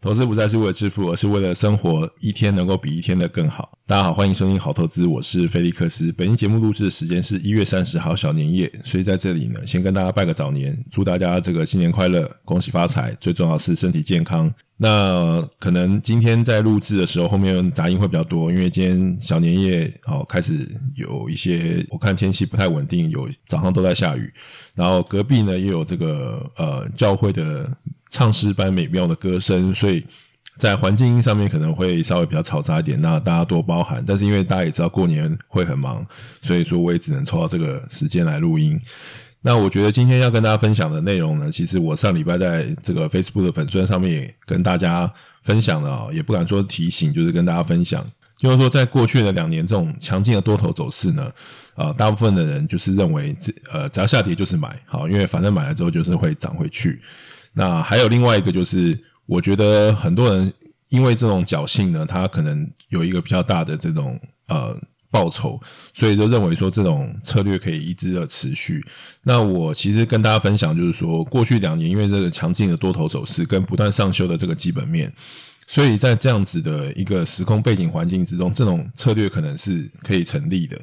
投資不再是為了致富，而是為了生活一天能夠比一天的更好。大家好，歡迎收聽好投資，我是菲力克斯。本期節目錄制的時間是一月三十號小年夜，所以在這裡呢，先跟大家拜個早年，祝大家這個新年快樂，恭喜發財，最重要是身體健康。那可能今天在錄制的時候，後面雜音會比較多，因為今天小年夜哦，開始有一些，我看天氣不太穩定，有早上都在下雨，然後隔壁呢也有這個呃教會的。唱詩般美妙的歌聲，所以在環境音上面可能會稍微比較嘈雜一點，那大家多包涵。但是因為大家也知道過年會很忙，所以說我也只能抽到這個時間來錄音。那我覺得今天要跟大家分享的內容呢，其實我上禮拜在這個 Facebook 的粉絲上面也跟大家分享了，也不敢說提醒，就是跟大家分享，就是說在過去的兩年這種強勁的多頭走勢呢，啊、呃，大部分的人就是認為，呃，只要下跌就是買，好，因為反正買了之後就是會漲回去。那還有另外一個，就是我覺得很多人因為這種僥倖呢，他可能有一個比較大的這種呃報酬，所以就認為說這種策略可以一直的持續。那我其實跟大家分享，就是說過去兩年因為這個強勁的多頭走勢跟不斷上修的這個基本面。所以在這樣子的一個時空背景環境之中，這種策略可能是可以成立的。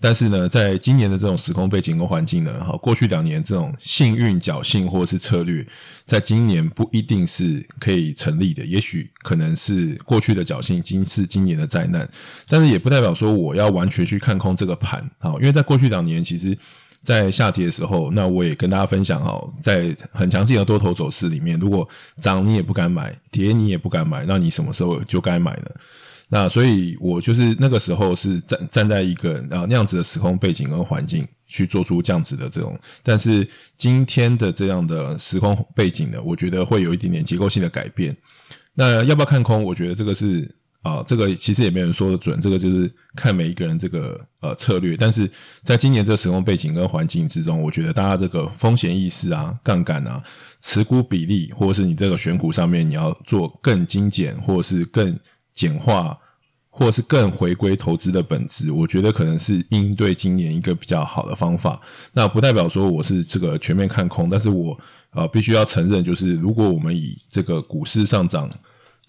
但是呢，在今年的這種時空背景跟環境呢，哈，過去兩年這種幸運、僥倖或是策略，在今年不一定是可以成立的。也許可能是過去的僥倖，今是今年的災難。但是也不代表說我要完全去看空這個盤啊，因為在過去兩年其實。在下跌的時候，那我也跟大家分享哦，在很強勁的多頭走勢裡面，如果漲你也不敢買，跌你也不敢買，那你什麼時候就該買了？那所以，我就是那個時候是站站，在一個啊那樣子的時空背景跟環境去做出這樣子的這種。但是今天的這樣的時空背景呢，我覺得會有一點點結構性的改變。那要不要看空？我覺得這個是。啊，這個其實也沒有人說的準，這個就是看每一個人這個呃策略。但是，在今年這個時空背景跟環境之中，我覺得大家這個風險意識啊、槓桿啊、持股比例，或者是你這個選股上面，你要做更精簡，或者是更簡化，或者是更回歸投資的本質，我覺得可能是應對今年一個比較好的方法。那不代表說我是這個全面看空，但是我啊、呃、必須要承認，就是如果我們以這個股市上漲。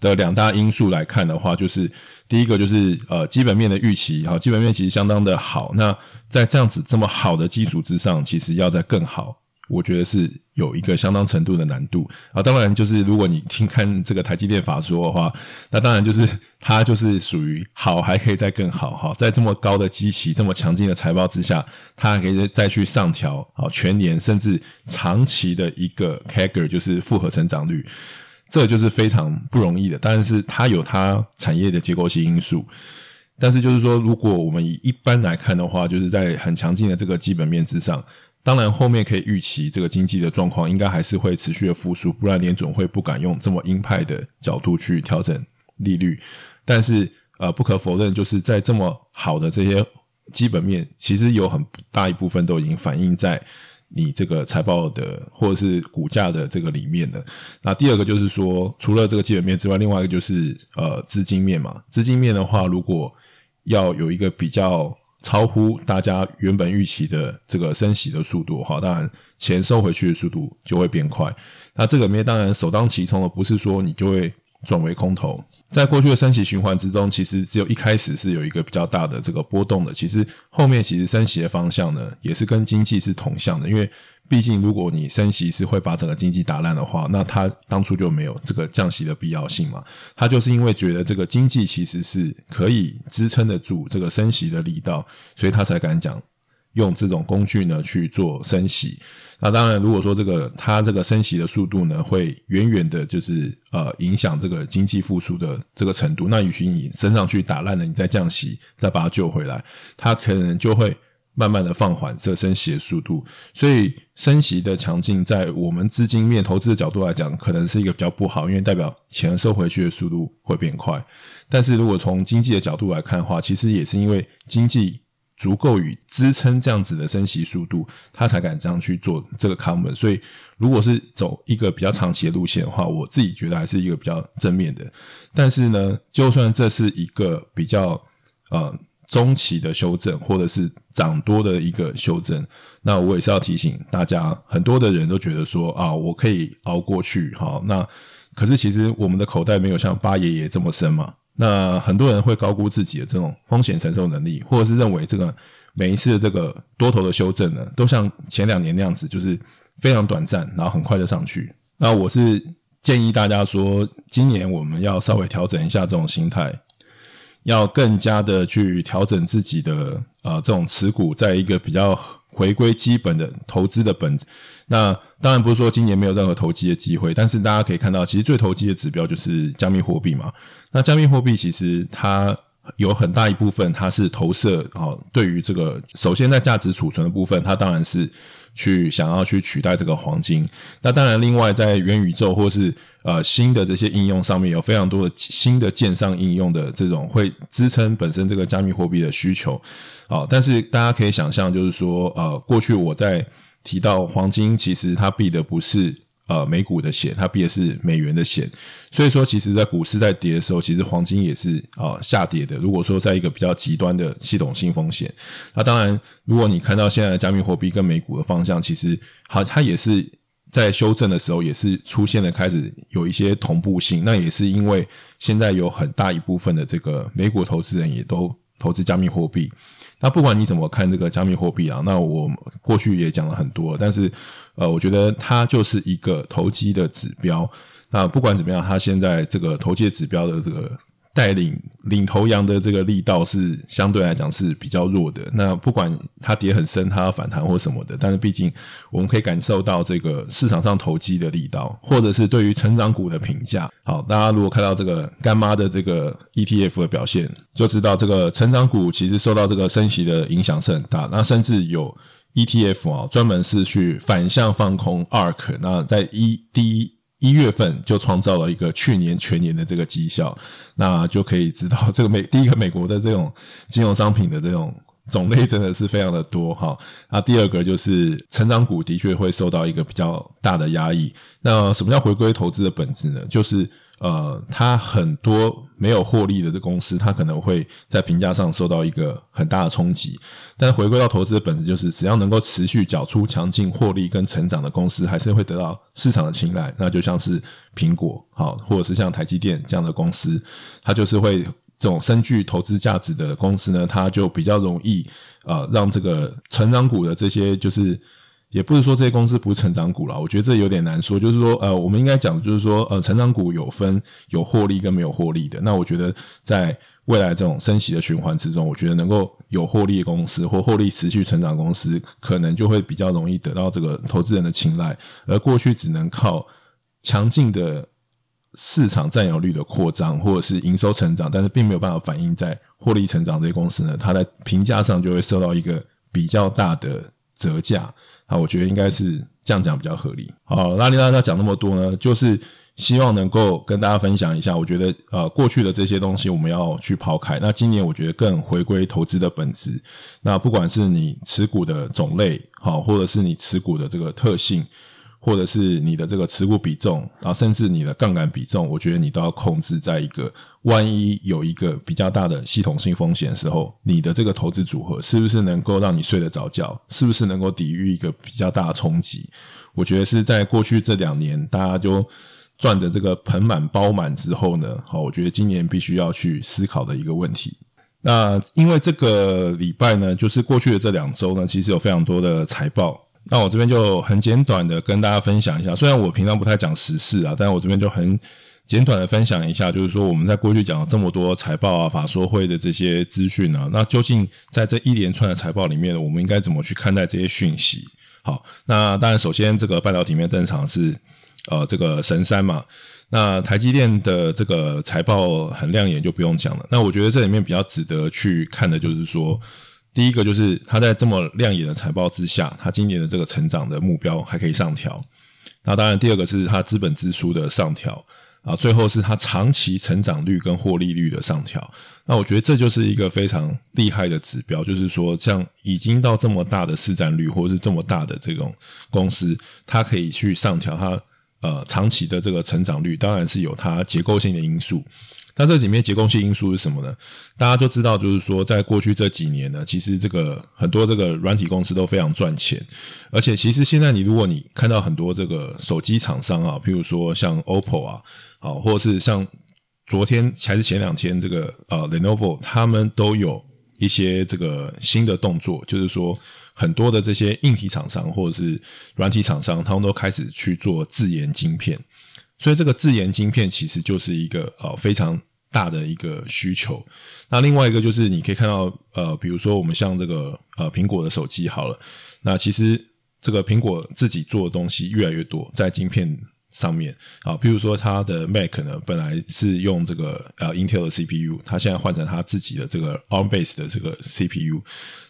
的兩大因素來看的話，就是第一個就是呃基本面的預期，哈，基本面其實相當的好。那在這樣子這麼好的基礎之上，其實要再更好，我覺得是有一個相當程度的難度。啊，當然就是如果你聽看這個台積電法說的話，那當然就是它就是屬於好還可以再更好，哈，在這麼高的基期、這麼強勁的財報之下，它還可以再去上調，好全年甚至長期的一個 CAGR 就是複合成長率。這就是非常不容易的，但是它有它產業的結構性因素。但是就是說，如果我們以一般來看的話，就是在很強勁的這個基本面之上，當然後面可以預期這個經濟的狀況應該還是會持續的復甦，不然聯準會不敢用這麼鷹派的角度去調整利率。但是呃，不可否認，就是在這麼好的這些基本面，其實有很大一部分都已經反映在。你這個財報的或者是股價的這個裡面的，那第二個就是說，除了這個基本面之外，另外一個就是呃資金面嘛。資金面的話，如果要有一個比較超乎大家原本預期的這個升息的速度，哈，當然錢收回去的速度就會變快。那這個裡面當然首當其衝的不是說你就會轉為空頭。在過去的升息循環之中，其實只有一開始是有一個比較大的這個波動的。其實後面其實升息的方向呢，也是跟經濟是同向的。因為畢竟，如果你升息是會把整個經濟打爛的話，那他當初就沒有這個降息的必要性嘛。他就是因為覺得這個經濟其實是可以支撐得住這個升息的力道，所以他才敢講。用這種工具呢去做升息，那當然，如果說這個它這個升息的速度呢，會遠遠的就是呃影響這個經濟復甦的這個程度。那與其你升上去打爛了，你再降息再把它救回來，它可能就會慢慢的放緩這升息的速度。所以升息的強勁，在我們資金面投資的角度來講，可能是一個比較不好，因為代表錢收回去的速度會變快。但是如果從經濟的角度來看的話，其實也是因為經濟。足夠與支撐這樣子的升息速度，他才敢這樣去做這個 comment。所以，如果是走一個比較長期的路線的話，我自己覺得還是一個比較正面的。但是呢，就算這是一個比較呃中期的修正，或者是漲多的一個修正，那我也是要提醒大家，很多的人都覺得說啊，我可以熬過去，哈，那可是其實我們的口袋沒有像八爺爺這麼深嘛。那很多人會高估自己的這種風險承受能力，或者是認為這個每一次的這個多頭的修正呢，都像前兩年那樣子，就是非常短暫，然後很快就上去。那我是建議大家說，今年我們要稍微調整一下這種心態，要更加的去調整自己的啊、呃、這種持股在一個比較。回歸基本的投資的本質，那當然不是說今年沒有任何投機的機會，但是大家可以看到，其實最投機的指標就是加密貨幣嘛。那加密貨幣其實它。有很大一部分，它是投射哦。對於這個，首先在價值儲存的部分，它當然是去想要去取代這個黃金。那當然，另外在元宇宙或是呃新的這些應用上面，有非常多的新的線上應用的這種會支撐本身這個加密貨幣的需求。哦，但是大家可以想象，就是說呃，過去我在提到黃金，其實它比的不是。呃，美股的險，它避的是美元的險，所以說，其實，在股市在跌的時候，其實黃金也是啊、呃、下跌的。如果說在一個比較極端的系統性風險，那當然，如果你看到現在的加密貨幣跟美股的方向，其實好，它也是在修正的時候，也是出現了開始有一些同步性。那也是因為現在有很大一部分的這個美股投資人也都。投資加密貨幣，那不管你怎麼看這個加密貨幣啊，那我過去也講了很多，但是呃，我覺得它就是一個投機的指標。那不管怎麼樣，它現在這個投機指標的這個。帶領領頭羊的這個力道是相對來講是比較弱的。那不管它跌很深，它要反彈或什麼的，但是畢竟我們可以感受到這個市場上投機的力道，或者是對於成長股的評價。好，大家如果看到這個乾媽的這個 ETF 的表現，就知道這個成長股其實受到這個升息的影響是很大。那甚至有 ETF 啊，專門是去反向放空 ARK。那在一第一，一月份就創造了一個去年全年的這個績效，那就可以知道這個美，第一個美國的這種金融商品的這種種類真的是非常的多哈。那第二個就是成長股的確會受到一個比較大的壓抑。那什麼叫回歸投資的本質呢？就是。呃，它很多沒有獲利的這公司，它可能會在評價上受到一個很大的衝擊。但回歸到投資的本質，就是只要能夠持續繳出強勁獲利跟成長的公司，還是會得到市場的青睞。那就像是蘋果，好、哦，或者是像台積電這樣的公司，它就是會這種深具投資價值的公司呢，它就比較容易呃讓這個成長股的這些就是。也不是說這些公司不是成長股啦，我覺得這有點難說。就是說，呃，我們應該講，就是說，呃，成長股有分有獲利跟沒有獲利的。那我覺得，在未來這種升息的循環之中，我覺得能夠有獲利的公司或獲利持續成長的公司，可能就會比較容易得到這個投資人的青睞。而過去只能靠強勁的市場佔有率的擴張，或者是營收成長，但是並沒有辦法反映在獲利成長這些公司呢，它在評價上就會受到一個比較大的。折價，啊，我覺得應該是這樣講比較合理。好，那你讓大家講那麼多呢，就是希望能夠跟大家分享一下。我覺得呃，過去的這些東西我們要去拋開。那今年我覺得更回歸投資的本質。那不管是你持股的種類，好，或者是你持股的這個特性。或者是你的這個持股比重，啊，甚至你的槓桿比重，我覺得你都要控制在一個，萬一有一個比較大的系統性風險的時候，你的這個投資組合是不是能夠讓你睡得着覺？是不是能夠抵禦一個比較大的衝擊？我覺得是在過去這兩年大家都賺的這個盆滿缽滿之後呢，好，我覺得今年必須要去思考的一個問題。那因為這個禮拜呢，就是過去的這兩週呢，其實有非常多的財報。那我這邊就很簡短的跟大家分享一下，雖然我平常不太講時事啊，但是我這邊就很簡短的分享一下，就是說我們在過去講了這麼多財報啊、法說會的這些資訊啊，那究竟在這一連串的財報裡面，我們應該怎麼去看待這些訊息？好，那當然首先這個半導體面登場是呃這個神山嘛，那台積電的這個財報很亮眼，就不用講了。那我覺得這裡面比較值得去看的就是說，第一個就是它在這麼亮眼的財報之下，它今年的這個成長的目標還可以上調。那當然，第二個是它資本支出的上調啊，最後是它長期成長率跟獲利率的上調。那我覺得這就是一個非常厲害的指標，就是說，像已經到這麼大的市佔率或者是這麼大的這種公司，它可以去上調它呃長期的這個成長率，當然是有它結構性的因素。那這裡面結構性因素是什麼呢？大家都知道，就是說，在過去這幾年呢，其實這個很多這個軟體公司都非常賺錢，而且其實現在你如果你看到很多這個手機廠商啊，譬如說像 OPPO 啊，啊，或者是像昨天還是前兩天這個呃、啊、Lenovo，他們都有一些這個新的動作，就是說很多的這些硬體廠商或者是軟體廠商，他們都開始去做自研晶片。所以這個自研晶片其實就是一個呃非常大的一個需求。那另外一個就是你可以看到呃，比如說我們像這個呃蘋果的手機好了，那其實這個蘋果自己做的東西越來越多在晶片上面啊，譬如說它的 Mac 呢本來是用這個呃 Intel 的 CPU，它現在換成它自己的這個 ARM based 的這個 CPU，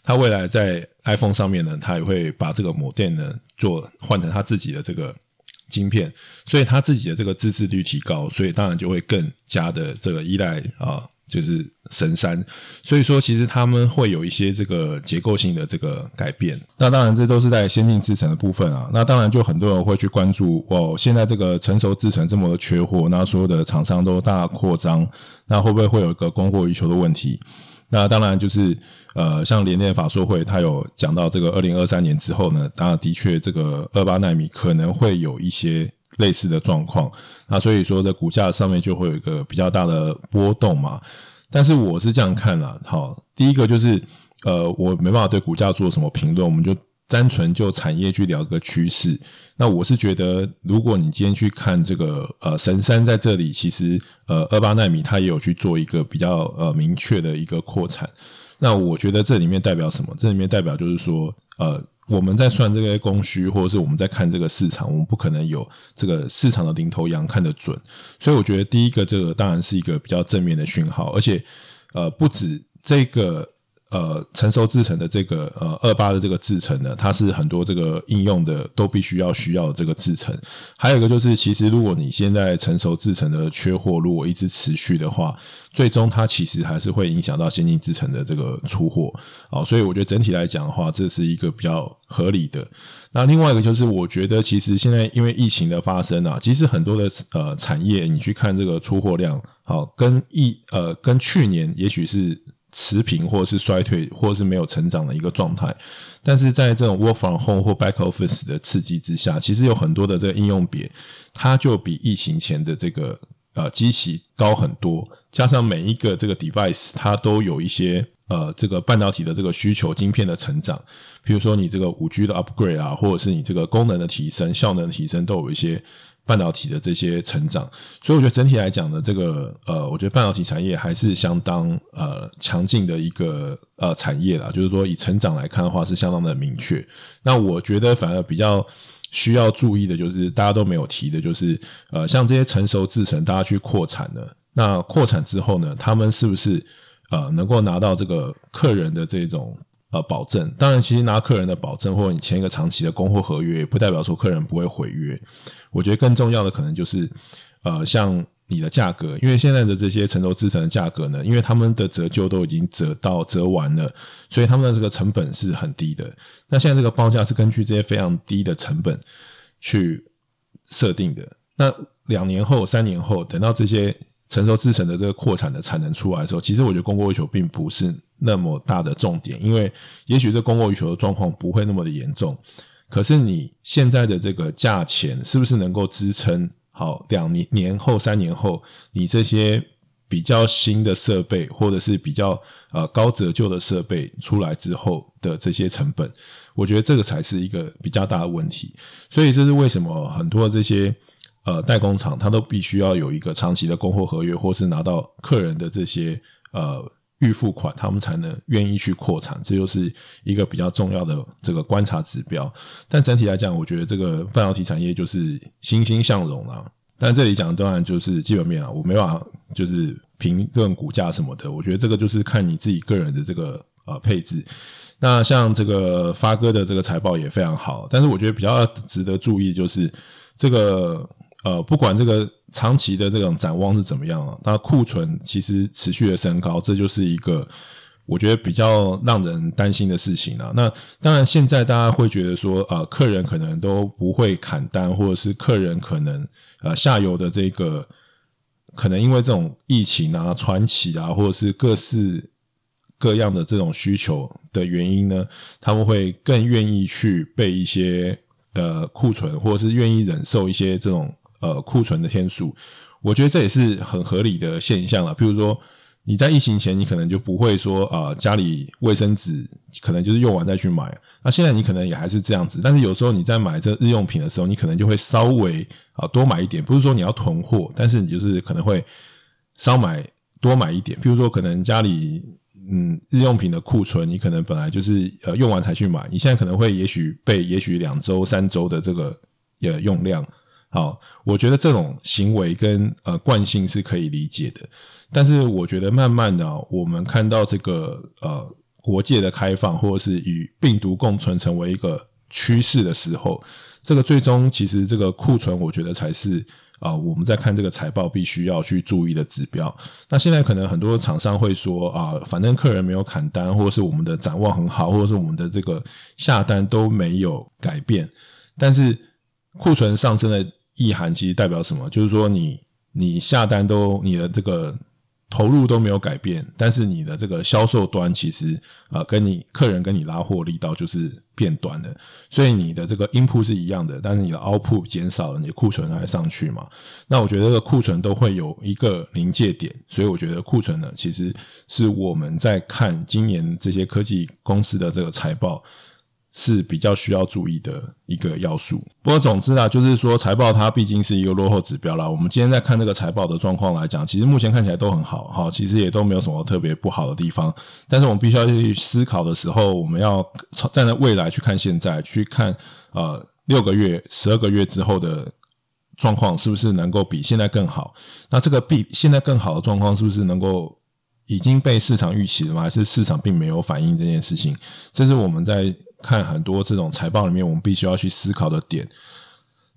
它未來在 iPhone 上面呢，它也會把這個 modem 呢做換成它自己的這個。芯片，所以他自己的這個自製率提高，所以當然就會更加的這個依賴啊，就是神山。所以說，其實他們會有一些這個結構性的這個改變。那當然，這都是在先進製程的部分啊。那當然，就很多人會去關注哦，現在這個成熟製程這麼的缺貨，那所有的廠商都大擴張，那會不會會有一個供過於求的問題？那當然就是，呃，像聯電法說會，他有講到這個二零二三年之後呢，當然的確這個二八奈米可能會有一些類似的狀況，那所以說在股價上面就會有一個比較大的波動嘛。但是我是這樣看啦，好，第一個就是，呃，我沒辦法對股價做什麼評論，我們就。單純就產業去聊個趨勢，那我是覺得，如果你今天去看這個呃神山在這裡，其實呃二八奈米它也有去做一個比較呃明確的一個擴產，那我覺得這裡面代表什麼？這裡面代表就是說，呃我們在算這個供需，或者是我們在看這個市場，我們不可能有這個市場的領頭羊看得準，所以我覺得第一個這個當然是一個比較正面的訊號，而且呃不止這個。呃，成熟製程的這個呃二八的這個製程呢，它是很多這個應用的都必須要需要的這個製程。還有一個就是，其實如果你現在成熟製程的缺貨，如果一直持續的話，最終它其實還是會影響到先進製程的這個出貨啊。所以我覺得整體來講的話，這是一個比較合理的。那另外一個就是，我覺得其實現在因為疫情的發生啊，其實很多的呃產業，你去看這個出貨量，好跟一呃跟去年也許是，持平或者是衰退或者是沒有成長的一個狀態，但是在這種 work from home 或 back office 的刺激之下，其實有很多的這個應用別，它就比疫情前的這個呃機器高很多。加上每一個這個 device，它都有一些呃這個半導體的這個需求，晶片的成長，比如說你這個 5G 的 upgrade 啊，或者是你這個功能的提升、效能的提升，都有一些。半導體的這些成長，所以我覺得整體來講呢，這個呃，我覺得半導體產業還是相當呃強勁的一個呃產業啦。就是說，以成長來看的話，是相當的明確。那我覺得反而比較需要注意的，就是大家都沒有提的，就是呃，像這些成熟製程，大家去擴產呢。那擴產之後呢，他們是不是呃能夠拿到這個客人的這種？呃，保證。當然，其實拿客人的保證，或者你簽一個長期的供貨合約，也不代表說客人不會毀約。我覺得更重要的可能就是，呃，像你的價格，因為現在的這些成熟製程的價格呢，因為他們的折舊都已經折到折完了，所以他們的這個成本是很低的。那現在這個報價是根據這些非常低的成本去設定的。那兩年後、三年後，等到這些成熟製程的這個擴產的產能出來的時候，其實我覺得供過於求並不是。那麼大的重點，因為也許這供過於求的狀況不會那麼的嚴重，可是你現在的這個價錢是不是能夠支撐好兩年年後、三年後，你這些比較新的設備或者是比較呃高折舊的設備出來之後的這些成本？我覺得這個才是一個比較大的問題。所以這是為什麼很多的這些呃代工廠它都必須要有一個長期的供貨合約，或是拿到客人的這些呃。預付款，他們才能願意去擴產，這就是一個比較重要的這個觀察指標。但整體來講，我覺得這個半導體產業就是欣欣向榮啦。但這裡講的當然就是基本面啊，我沒辦法就是評論股價什麼的。我覺得這個就是看你自己個人的這個呃配置。那像這個發哥的這個財報也非常好，但是我覺得比較值得注意就是這個呃，不管這個。長期的這種展望是怎麼樣啊？那庫存其實持續的升高，這就是一個我覺得比較讓人擔心的事情啊，那當然，現在大家會覺得說，呃，客人可能都不會砍單，或者是客人可能呃下游的這個可能因為這種疫情啊、傳奇啊，或者是各式各樣的這種需求的原因呢，他們會更願意去備一些呃庫存，或者是願意忍受一些這種。呃，庫存的天數，我覺得這也是很合理的現象了。比如說，你在疫情前，你可能就不會說啊、呃，家裡衛生紙可能就是用完再去買。那現在你可能也還是這樣子，但是有時候你在買這日用品的時候，你可能就會稍微啊、呃、多買一點，不是說你要囤貨，但是你就是可能會稍買多買一點。譬如說，可能家裡嗯日用品的庫存，你可能本來就是呃用完才去買，你現在可能會也許備也許兩週三週的這個呃用量。好，我覺得這種行為跟呃慣性是可以理解的，但是我覺得慢慢的、哦，我們看到這個呃國界的開放，或是與病毒共存成為一個趨勢的時候，這個最終其實這個庫存，我覺得才是啊、呃、我們在看這個財報必須要去注意的指標。那現在可能很多廠商會說啊、呃，反正客人沒有砍單，或是我們的展望很好，或者是我們的這個下單都沒有改變，但是庫存上升的。意涵其實代表什麼？就是說你，你你下單都你的這個投入都沒有改變，但是你的這個銷售端其實啊，跟、呃、你客人跟你拉貨力道就是變短了。所以你的這個 u 鋪是一樣的，但是你的凹鋪減少了，你的庫存還上去嘛？那我覺得這個庫存都會有一個臨界點，所以我覺得庫存呢，其實是我們在看今年這些科技公司的這個財報。是比較需要注意的一個要素。不過，總之啊，就是說財報它畢竟是一個落後指標啦。我們今天在看這個財報的狀況來講，其實目前看起來都很好，哈，其實也都沒有什麼特別不好的地方。但是我們必須要去思考的時候，我們要站在未來去看現在，去看呃六個月、十二個月之後的狀況是不是能夠比現在更好？那這個比現在更好的狀況，是不是能夠？已經被市場預期了嗎？還是市場並沒有反應這件事情？這是我們在看很多這種財報裡面，我們必須要去思考的點。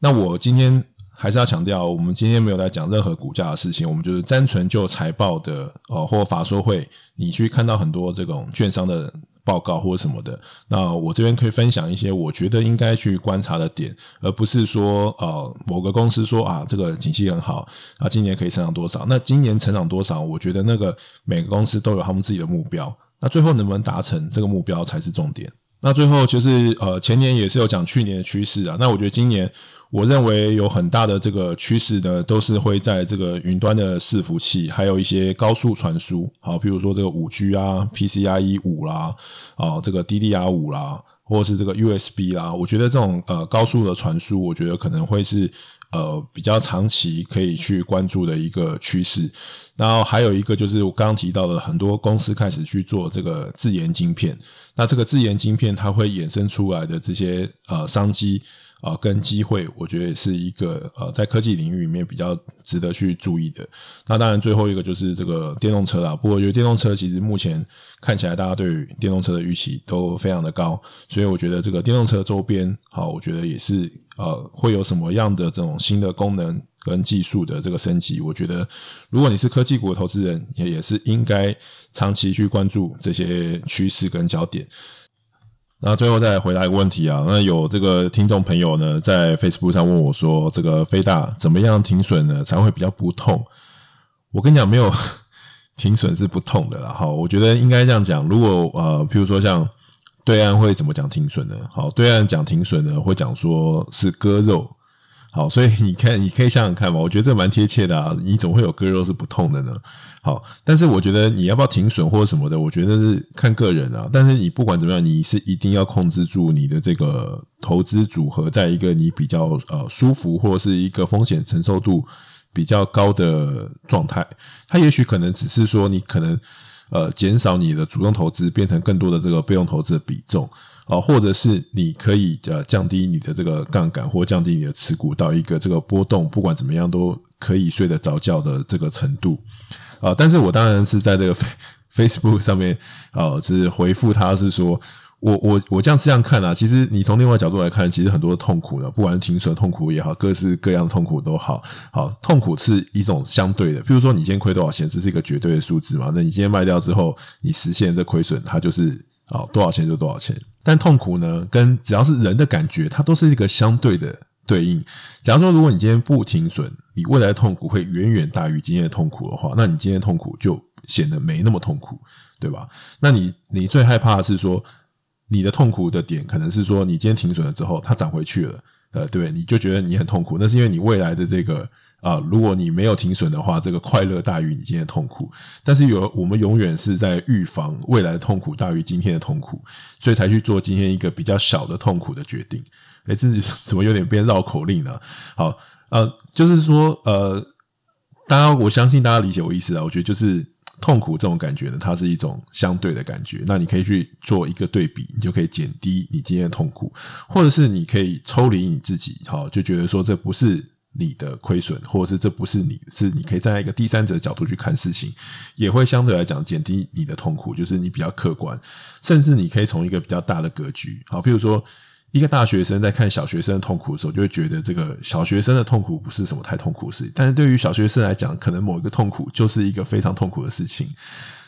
那我今天還是要強調，我們今天沒有在講任何股價的事情，我們就是單純就財報的，哦、呃，或法說會，你去看到很多這種券商的。報告或什麼的，那我這邊可以分享一些我覺得應該去觀察的點，而不是說呃，某個公司說啊，這個景氣很好，啊今年可以成長多少？那今年成長多少？我覺得那個每個公司都有他們自己的目標，那最後能不能達成這個目標才是重點。那最後就是呃，前年也是有講去年的趨勢啊。那我覺得今年，我認為有很大的這個趨勢呢，都是會在這個雲端的伺服器，還有一些高速傳輸，好，比如說這個五 G 啊，PCIe 五啦，啊，這個 DDR 五啦。或是這個 USB 啦，我覺得這種呃高速的傳輸，我覺得可能會是呃比較長期可以去關注的一個趨勢。然後還有一個就是我剛剛提到的很多公司開始去做這個自研晶片，那這個自研晶片它會衍生出來的這些呃商機。啊，跟機會，我覺得也是一個呃，在科技領域裡面比較值得去注意的。那當然，最後一個就是這個電動車啦。不過，我覺得電動車其實目前看起來，大家對於電動車的預期都非常的高，所以我覺得這個電動車周邊，好，我覺得也是呃，會有什麼樣的這種新的功能跟技術的這個升級？我覺得，如果你是科技股的投資人，也也是應該長期去關注這些趨勢跟焦點。那最後再回答一個問題啊，那有這個聽眾朋友呢，在 Facebook 上問我說，這個菲大怎麼樣停損呢，才會比較不痛？我跟你講，沒有 停損是不痛的啦。好，我覺得應該這樣講，如果呃，譬如說像對岸會怎麼講停損呢？好，對岸講停損呢會講說是割肉。好，所以你看，你可以想想看嘛，我覺得這蠻貼切的啊。你總會有割肉是不痛的呢？好，但是我覺得你要不要停損或者什麼的，我覺得是看個人啊。但是你不管怎麼樣，你是一定要控制住你的這個投資組合，在一個你比較呃舒服或是一個風險承受度比較高的狀態。它也許可能只是說你可能。呃，減少你的主動投資，變成更多的這個被動投資的比重，哦、呃，或者是你可以呃降低你的這個槓桿，或降低你的持股到一個這個波動不管怎麼樣都可以睡得着覺的這個程度，啊、呃，但是我當然是在這個 Facebook 上面，哦、呃，就是回復他是說。我我我這樣這樣看啊，其實你從另外一個角度來看，其實很多的痛苦呢，不管是停損痛苦也好，各式各樣的痛苦都好，好，痛苦是一種相對的。譬如說，你今天虧多少錢，這是一個絕對的數字嘛？那你今天賣掉之後，你實現這虧損，它就是啊多少錢就多少錢。但痛苦呢，跟只要是人的感覺，它都是一個相對的對應。假如說，如果你今天不停損，你未來的痛苦會遠遠大於今天的痛苦的話，那你今天的痛苦就顯得沒那麼痛苦，對吧？那你你最害怕的是說，你的痛苦的點可能是說，你今天停損了之後，它漲回去了，呃，對，對，你就覺得你很痛苦。那是因為你未來的這個啊，呃，如果你沒有停損的話，這個快樂大於你今天的痛苦。但是有我們永遠是在預防未來的痛苦大於今天的痛苦，所以才去做今天一個比較小的痛苦的決定。誒，自己怎麼有點變繞口令呢，啊？好，呃，就是說，呃，大家我相信大家理解我意思啊，我覺得就是。痛苦這種感覺呢，它是一種相對的感覺。那你可以去做一個對比，你就可以減低你今天的痛苦，或者是你可以抽離你自己，哈，就覺得說這不是你的虧損，或者是這不是你，是你可以站在一個第三者角度去看事情，也會相對來講減低你的痛苦。就是你比較客觀，甚至你可以從一個比較大的格局，好，譬如說。一個大學生在看小學生的痛苦的時候，就會覺得這個小學生的痛苦不是什麼太痛苦的事情。但是對於小學生來講，可能某一個痛苦就是一個非常痛苦的事情。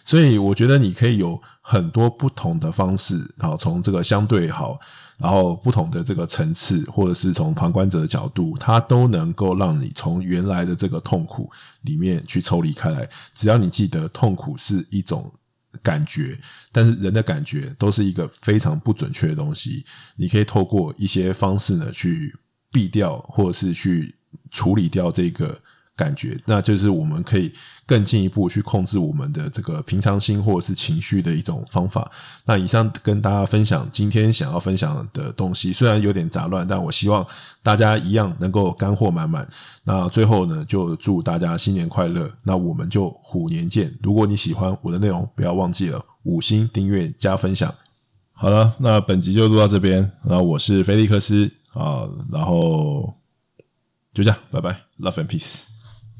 所以，我覺得你可以有很多不同的方式，然後從這個相對好，然後不同的這個層次，或者是從旁觀者的角度，它都能夠讓你從原來的這個痛苦裡面去抽離開來。只要你記得，痛苦是一種。感覺，但是人的感覺都是一個非常不準確的東西。你可以透過一些方式呢，去避掉，或者是去處理掉這個。感覺，那就是我們可以更進一步去控制我們的這個平常心或者是情緒的一種方法。那以上跟大家分享今天想要分享的東西，雖然有點雜亂，但我希望大家一樣能夠乾貨滿滿。那最後呢，就祝大家新年快樂！那我們就虎年見。如果你喜歡我的內容，不要忘記了五星訂閱加分享。好了，那本集就錄到這邊。然後我是菲力克斯啊，然後就這樣，拜拜，Love and Peace。